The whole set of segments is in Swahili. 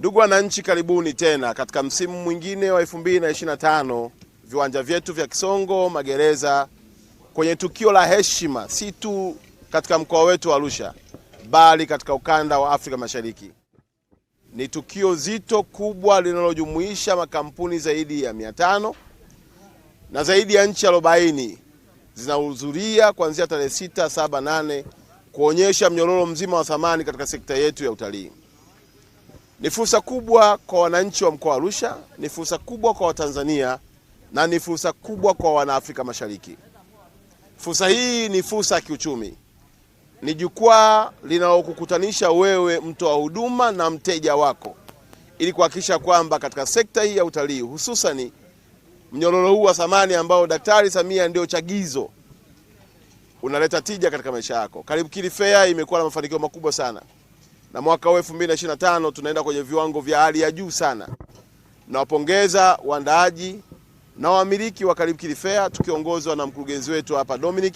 Ndugu wananchi, karibuni tena katika msimu mwingine wa 2025 viwanja vyetu vya Kisongo Magereza, kwenye tukio la heshima, si tu katika mkoa wetu wa Arusha, bali katika ukanda wa Afrika Mashariki. Ni tukio zito kubwa linalojumuisha makampuni zaidi ya 500 na zaidi ya nchi 40 zinahudhuria kuanzia tarehe 6, 7, 8 kuonyesha mnyororo mzima wa thamani katika sekta yetu ya utalii. Ni fursa kubwa kwa wananchi wa mkoa wa Arusha, ni fursa kubwa kwa Watanzania na ni fursa kubwa kwa wanaafrika Mashariki. Fursa hii ni fursa ya kiuchumi, ni jukwaa linalokukutanisha wewe mtoa huduma na mteja wako, ili kuhakikisha kwamba katika sekta hii ya utalii, hususani mnyororo huu wa thamani ambao Daktari Samia ndio chagizo, unaleta tija katika maisha yako. Karibu Kili Fair imekuwa na mafanikio makubwa sana na mwaka huu 2025 tunaenda kwenye viwango vya hali ya juu sana. Nawapongeza waandaaji na wamiliki wa Kariakoo Fair tukiongozwa na mkurugenzi wetu hapa Dominic,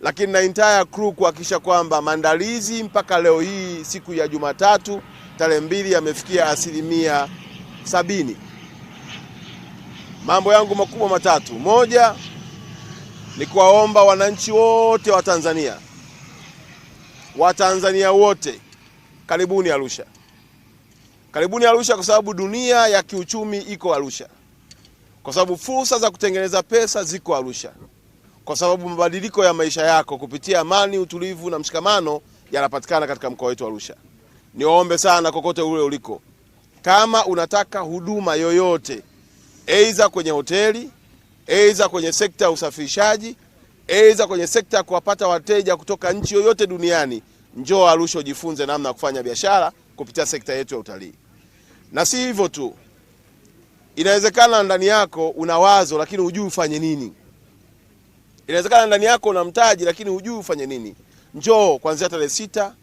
lakini na entire crew kuhakikisha kwamba maandalizi mpaka leo hii siku ya Jumatatu tarehe mbili yamefikia asilimia sabini. Mambo yangu makubwa matatu, moja ni kuwaomba wananchi wote wa Tanzania, Watanzania wote karibuni Arusha, karibuni Arusha kwa sababu dunia ya kiuchumi iko Arusha, kwa sababu fursa za kutengeneza pesa ziko Arusha, kwa sababu mabadiliko ya maisha yako kupitia amani, utulivu na mshikamano yanapatikana katika mkoa wetu Arusha. Niombe sana, kokote ule uliko, kama unataka huduma yoyote, aidha kwenye hoteli, aidha kwenye sekta ya usafirishaji, aidha kwenye sekta ya kuwapata wateja kutoka nchi yoyote duniani, njoo Arusha ujifunze namna ya kufanya biashara kupitia sekta yetu ya utalii. Na si hivyo tu, inawezekana ndani yako una wazo lakini hujui ufanye nini. Inawezekana ndani yako una mtaji lakini hujui ufanye nini. Njoo kuanzia tarehe sita,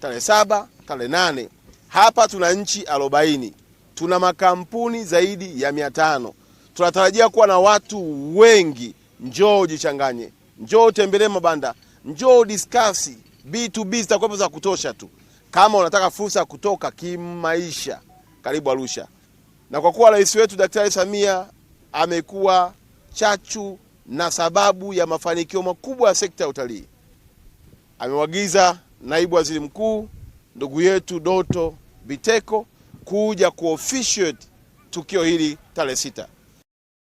tarehe saba, tarehe nane. Hapa tuna nchi arobaini, tuna makampuni zaidi ya mia tano. Tunatarajia kuwa na watu wengi. Njoo ujichanganye, njoo utembelee mabanda, njoo diskasi B2B zitakuwepo za kutosha tu, kama unataka fursa ya kutoka kimaisha. Karibu Arusha. Na kwa kuwa rais wetu Daktari Samia amekuwa chachu na sababu ya mafanikio makubwa ya sekta ya utalii, amewagiza naibu waziri mkuu ndugu yetu Doto Biteko kuja kuofficiate tukio hili tarehe sita.